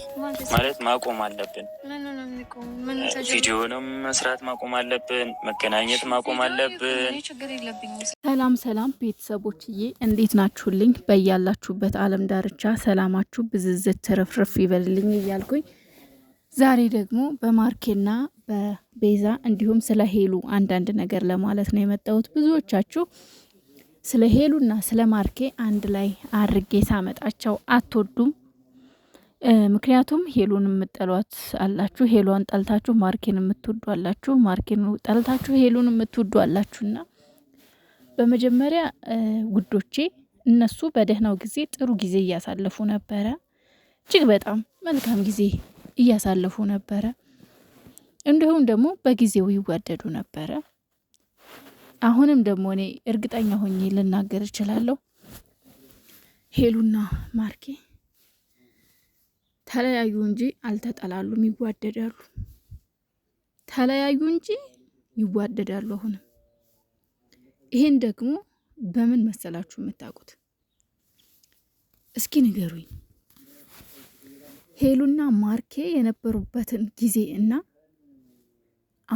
ይገባል ማለት ማቆም አለብን። ቪዲዮንም መስራት ማቆም አለብን። መገናኘት ማቆም አለብን። ሰላም ሰላም ቤተሰቦችዬ፣ እንዴት ናችሁልኝ? በያላችሁበት አለም ዳርቻ ሰላማችሁ ብዝዝት ትርፍርፍ ይበልልኝ እያልኩኝ ዛሬ ደግሞ በማርኬና በቤዛ እንዲሁም ስለ ሄሉ አንዳንድ ነገር ለማለት ነው የመጣሁት ብዙዎቻችሁ ስለ ሄሉና ስለ ማርኬ አንድ ላይ አድርጌ ሳመጣቸው አትወዱም ምክንያቱም ሄሉን የምጠሏት አላችሁ፣ ሄሏን ጠልታችሁ ማርኬን የምትወዱ አላችሁ፣ ማርኬን ጠልታችሁ ሄሉን የምትወዱ አላችሁና በመጀመሪያ ውዶቼ እነሱ በደህናው ጊዜ ጥሩ ጊዜ እያሳለፉ ነበረ። እጅግ በጣም መልካም ጊዜ እያሳለፉ ነበረ። እንዲሁም ደግሞ በጊዜው ይዋደዱ ነበረ። አሁንም ደግሞ እኔ እርግጠኛ ሆኜ ልናገር እችላለሁ ሄሉና ማርኬ ተለያዩ እንጂ አልተጠላሉም፣ ይዋደዳሉ። ተለያዩ እንጂ ይዋደዳሉ። አሁንም ይሄን ደግሞ በምን መሰላችሁ የምታውቁት? እስኪ ንገሩኝ። ሄሉና ማርኬ የነበሩበትን ጊዜ እና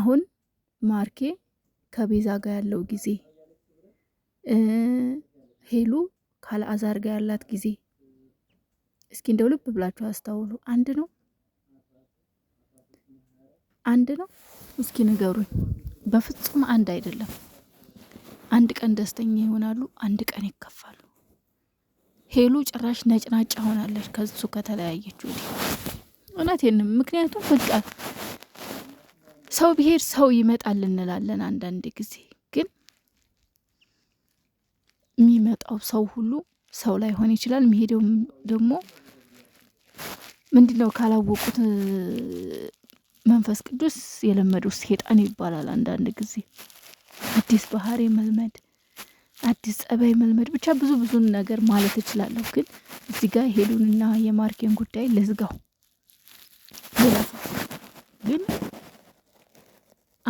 አሁን ማርኬ ከቤዛ ጋር ያለው ጊዜ ሄሉ ካለአዛር ጋር ያላት ጊዜ እስኪ እንደው ልብ ብላችሁ አስተውሉ አንድ ነው አንድ ነው? እስኪ ንገሩኝ። በፍጹም አንድ አይደለም። አንድ ቀን ደስተኛ ይሆናሉ፣ አንድ ቀን ይከፋሉ። ሄሉ ጭራሽ ነጭናጫ ሆናለች ከሱ ከተለያየች ወዲህ። እውነቴን ምክንያቱም በቃ ሰው ቢሄድ ሰው ይመጣል እንላለን። አንዳንድ ጊዜ ግን የሚመጣው ሰው ሁሉ ሰው ላይ ሆን ይችላል። መሄደው ደግሞ ምንድን ነው ካላወቁት መንፈስ ቅዱስ የለመደው ሴጣን ይባላል። አንዳንድ ጊዜ አዲስ ባህሪ መልመድ፣ አዲስ ጸባይ መልመድ፣ ብቻ ብዙ ብዙን ነገር ማለት እችላለሁ። ግን እዚህ ጋር የሄዱንና የማርኬን ጉዳይ ለዝጋው። ሌላ ግን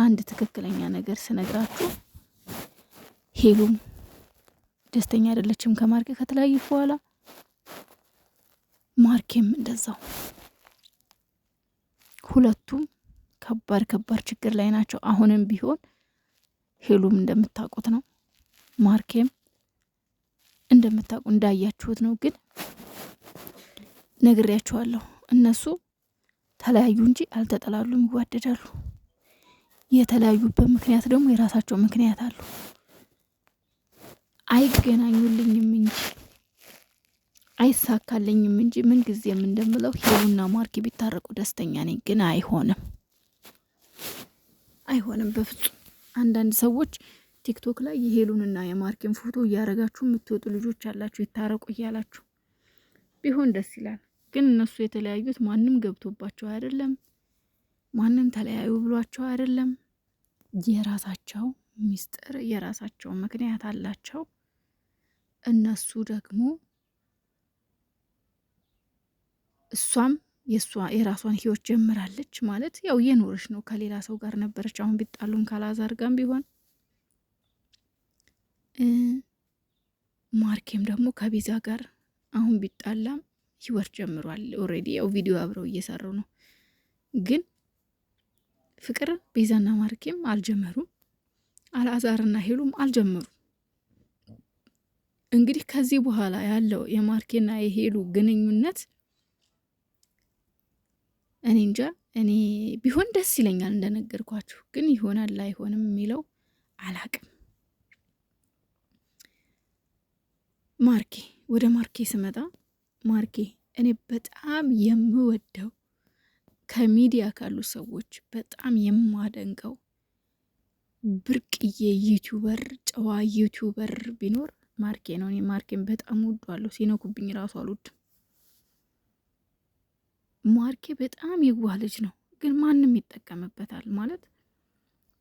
አንድ ትክክለኛ ነገር ስነግራችሁ ሄሉም ደስተኛ አይደለችም ከማርኬ ከተለያዩ በኋላ። ማርኬም እንደዛው ሁለቱም ከባድ ከባድ ችግር ላይ ናቸው። አሁንም ቢሆን ሄሉም እንደምታውቁት ነው፣ ማርኬም እንደምታውቁ እንዳያችሁት ነው። ግን ነግሬያችኋለሁ፣ እነሱ ተለያዩ እንጂ አልተጠላሉም፣ ይዋደዳሉ። የተለያዩበት ምክንያት ደግሞ የራሳቸው ምክንያት አሉ። አይገናኙልኝም እንጂ አይሳካልኝም እንጂ ምንጊዜም እንደምለው ሄሉና ማርኪ ቢታረቁ ደስተኛ ነኝ። ግን አይሆንም፣ አይሆንም በፍጹም። አንዳንድ ሰዎች ቲክቶክ ላይ የሄሉንና የማርኪን ፎቶ እያረጋችሁ የምትወጡ ልጆች አላችሁ፣ ይታረቁ እያላችሁ ቢሆን ደስ ይላል። ግን እነሱ የተለያዩት ማንም ገብቶባቸው አይደለም፣ ማንም ተለያዩ ብሏቸው አይደለም። የራሳቸው ሚስጥር፣ የራሳቸው ምክንያት አላቸው። እነሱ ደግሞ እሷም የእሷ የራሷን ህይወት ጀምራለች ማለት ያው እየኖረች ነው። ከሌላ ሰው ጋር ነበረች። አሁን ቢጣሉም ካላዛር ጋም ቢሆን ማርኬም ደግሞ ከቤዛ ጋር አሁን ቢጣላም ህይወት ጀምሯል። ኦልሬዲ ያው ቪዲዮ አብረው እየሰሩ ነው። ግን ፍቅር ቤዛና ማርኬም አልጀመሩም። አልአዛርና ሄሉም አልጀመሩም። እንግዲህ ከዚህ በኋላ ያለው የማርኬና የሄሉ ግንኙነት እኔ እንጃ። እኔ ቢሆን ደስ ይለኛል፣ እንደነገርኳችሁ ግን ይሆናል ላይሆንም የሚለው አላቅም። ማርኬ ወደ ማርኬ ስመጣ ማርኬ እኔ በጣም የምወደው ከሚዲያ ካሉ ሰዎች በጣም የማደንቀው ብርቅዬ ዩቱበር ጨዋ ዩቱበር ቢኖር ማርኬ ነው። እኔ ማርኬን በጣም ወዷለሁ። ሲነኩብኝ ራሱ አልወድም። ማርኬ በጣም የዋህ ልጅ ነው፣ ግን ማንም ይጠቀምበታል ማለት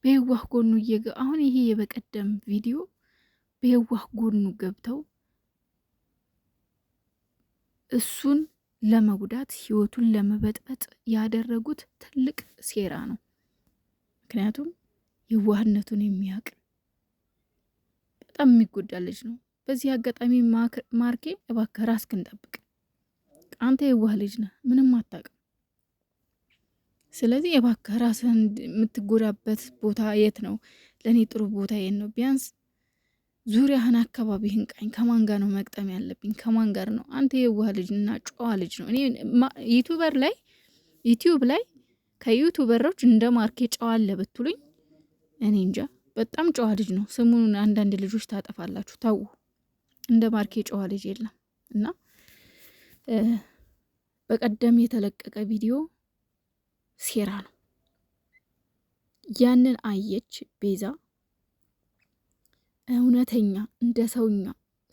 በየዋህ ጎኑ እየገ አሁን ይሄ የበቀደም ቪዲዮ በየዋህ ጎኑ ገብተው እሱን ለመጉዳት ህይወቱን ለመበጥበጥ ያደረጉት ትልቅ ሴራ ነው። ምክንያቱም የዋህነቱን የሚያውቅ በጣም የሚጎዳ ልጅ ነው። በዚህ አጋጣሚ ማርኬ እባክህ ራስህን ጠብቅ። አንተ የዋህ ልጅ ነህ፣ ምንም አታውቅም። ስለዚህ እባክህ ራስህን የምትጎዳበት ቦታ የት ነው? ለእኔ ጥሩ ቦታ የት ነው? ቢያንስ ዙሪያህን፣ አካባቢህን ቃኝ። ከማን ጋር ነው መቅጠም ያለብኝ? ከማን ጋር ነው? አንተ የዋህ ልጅና ጨዋ ልጅ ነው። እኔ ዩቱበር ላይ ዩቲዩብ ላይ ከዩቱበሮች እንደ ማርኬ ጨዋ አለ ብትሉኝ እኔ እንጃ። በጣም ጨዋ ልጅ ነው። ስሙን አንዳንድ ልጆች ታጠፋላችሁ። ታው እንደ ማርኬ ጨዋ ልጅ የለም እና በቀደም የተለቀቀ ቪዲዮ ሴራ ነው። ያንን አየች ቤዛ። እውነተኛ እንደ ሰውኛ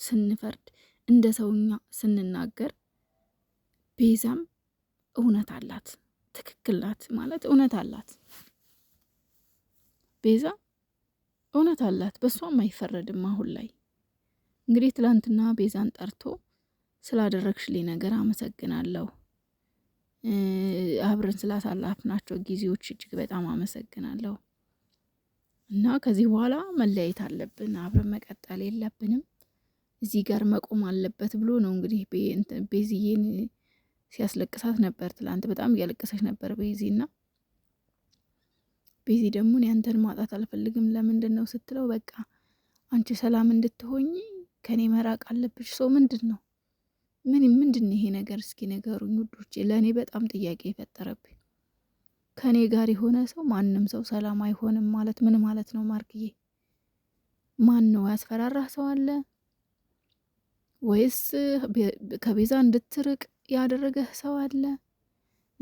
ስንፈርድ እንደ ሰውኛ ስንናገር ቤዛም እውነት አላት፣ ትክክል ናት ማለት እውነት አላት። ቤዛ እውነት አላት፣ በእሷም አይፈረድም አሁን ላይ እንግዲህ ትላንትና ቤዛን ጠርቶ ስላደረግሽልኝ ነገር አመሰግናለሁ፣ አብረን ናቸው ጊዜዎች እጅግ በጣም አመሰግናለሁ እና ከዚህ በኋላ መለያየት አለብን፣ አብረን መቀጠል የለብንም፣ እዚህ ጋር መቆም አለበት ብሎ ነው እንግዲህ ቤዝዬን ሲያስለቅሳት ነበር። ትላንት በጣም እያለቀሰች ነበር ቤዚና ቤዚ ደግሞ እኔ አንተን ማጣት አልፈልግም ለምንድን ነው ስትለው፣ በቃ አንቺ ሰላም እንድትሆኝ ከኔ መራቅ አለብሽ። ሰው ምንድን ነው ምን ምንድን ይሄ ነገር? እስኪ ነገሩኝ ውዶቼ። ለእኔ በጣም ጥያቄ የፈጠረብኝ ከእኔ ጋር የሆነ ሰው ማንም ሰው ሰላም አይሆንም ማለት ምን ማለት ነው? ማርክዬ ማን ነው ያስፈራራህ? ሰው አለ ወይስ ከቤዛ እንድትርቅ ያደረገህ ሰው አለ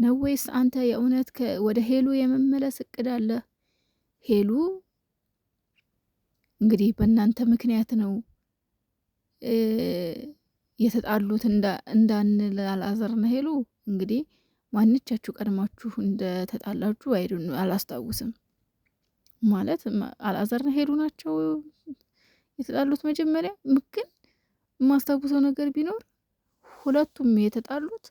ነው ወይስ አንተ የእውነት ወደ ሄሉ የመመለስ እቅድ አለ? ሄሉ እንግዲህ በእናንተ ምክንያት ነው የተጣሉት እንዳንል አልአዘርና ሄሉ እንግዲህ ማንቻችሁ ቀድማችሁ እንደተጣላችሁ አይዱ አላስታውስም። ማለት አልአዘር ሄሉ ናቸው የተጣሉት መጀመሪያ። ግን የማስታውሰው ነገር ቢኖር ሁለቱም የተጣሉት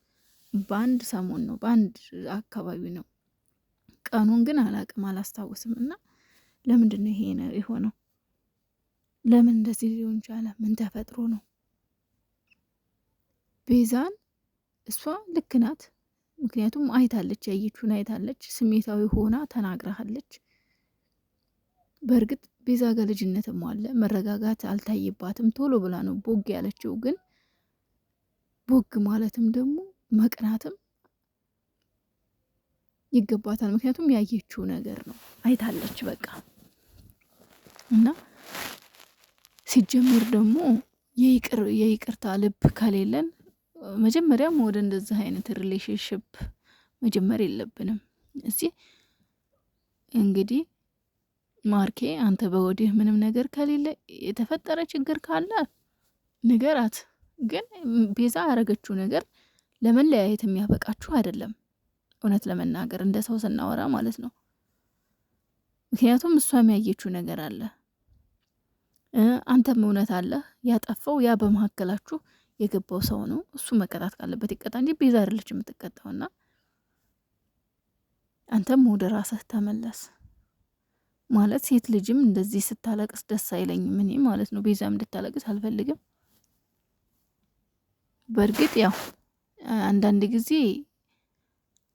በአንድ ሰሞን ነው፣ በአንድ አካባቢ ነው። ቀኑን ግን አላቅም አላስታውስም። እና ለምንድን ነው ይሄ የሆነው? ለምን እንደዚህ ሊሆን ቻለ? ምን ተፈጥሮ ነው? ቤዛን እሷ ልክ ናት። ምክንያቱም አይታለች፣ ያየችውን አይታለች። ስሜታዊ ሆና ተናግራሃለች። በእርግጥ ቤዛ ጋር ልጅነትም አለ፣ መረጋጋት አልታየባትም። ቶሎ ብላ ነው ቦግ ያለችው። ግን ቦግ ማለትም ደግሞ መቅናትም ይገባታል። ምክንያቱም ያየችው ነገር ነው፣ አይታለች። በቃ እና ሲጀመር ደግሞ የይቅርታ ልብ ከሌለን መጀመሪያም ወደ እንደዚህ አይነት ሪሌሽንሽፕ መጀመር የለብንም። እዚህ እንግዲህ ማርኬ አንተ በወዲህ ምንም ነገር ከሌለ የተፈጠረ ችግር ካለ ንገራት። ግን ቤዛ ያደረገችው ነገር ለመለያየት የሚያበቃችሁ አይደለም፣ እውነት ለመናገር እንደ ሰው ስናወራ ማለት ነው። ምክንያቱም እሷ የሚያየችው ነገር አለ አንተም እውነት አለ ያጠፋው ያ በመካከላችሁ የገባው ሰው ነው። እሱ መቀጣት ካለበት ይቀጣ እንጂ ቤዛ አይደለች የምትቀጣውና አንተም ወደ ራስህ ተመለስ። ማለት ሴት ልጅም እንደዚህ ስታለቅስ ደስ አይለኝም እኔ ማለት ነው። ቤዛም እንድታለቅስ አልፈልግም። በእርግጥ ያው አንዳንድ ጊዜ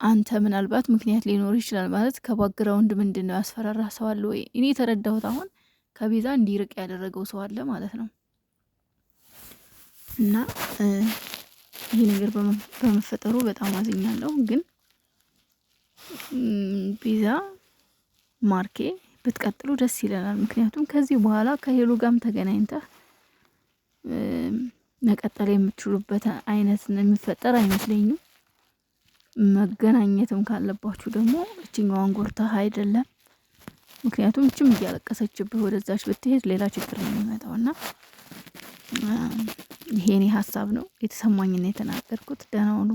አንተ ምናልባት ምክንያት ሊኖር ይችላል። ማለት ከባግራውንድ ምንድን ነው ያስፈራራ ሰው አለ ወይ? እኔ የተረዳሁት አሁን ከቤዛ እንዲርቅ ያደረገው ሰው አለ ማለት ነው። እና ይህ ነገር በመፈጠሩ በጣም አዝኛለሁ። ግን ቤዛ ማርኬ ብትቀጥሉ ደስ ይለናል። ምክንያቱም ከዚህ በኋላ ከሄሉ ጋም ተገናኝተ መቀጠል የምትችሉበት አይነት የሚፈጠር አይመስለኝም። መገናኘትም ካለባችሁ ደግሞ እችኛዋን ጎርታ አይደለም ምክንያቱም እችም እያለቀሰችብህ ወደዛች ብትሄድ ሌላ ችግር ነው የሚመጣው። እና ይሄ እኔ ሀሳብ ነው የተሰማኝና የተናገርኩት። ደህና ሁኑ።